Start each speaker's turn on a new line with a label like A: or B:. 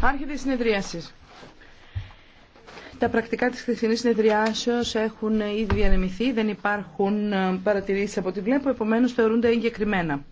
A: Άρχεται η
B: συνεδρίαση. Τα πρακτικά της χθεσινής συνεδριάσεως έχουν ήδη διανεμηθεί, δεν υπάρχουν ε, παρατηρήσεις από ό,τι βλέπω, επομένως θεωρούνται εγκεκριμένα.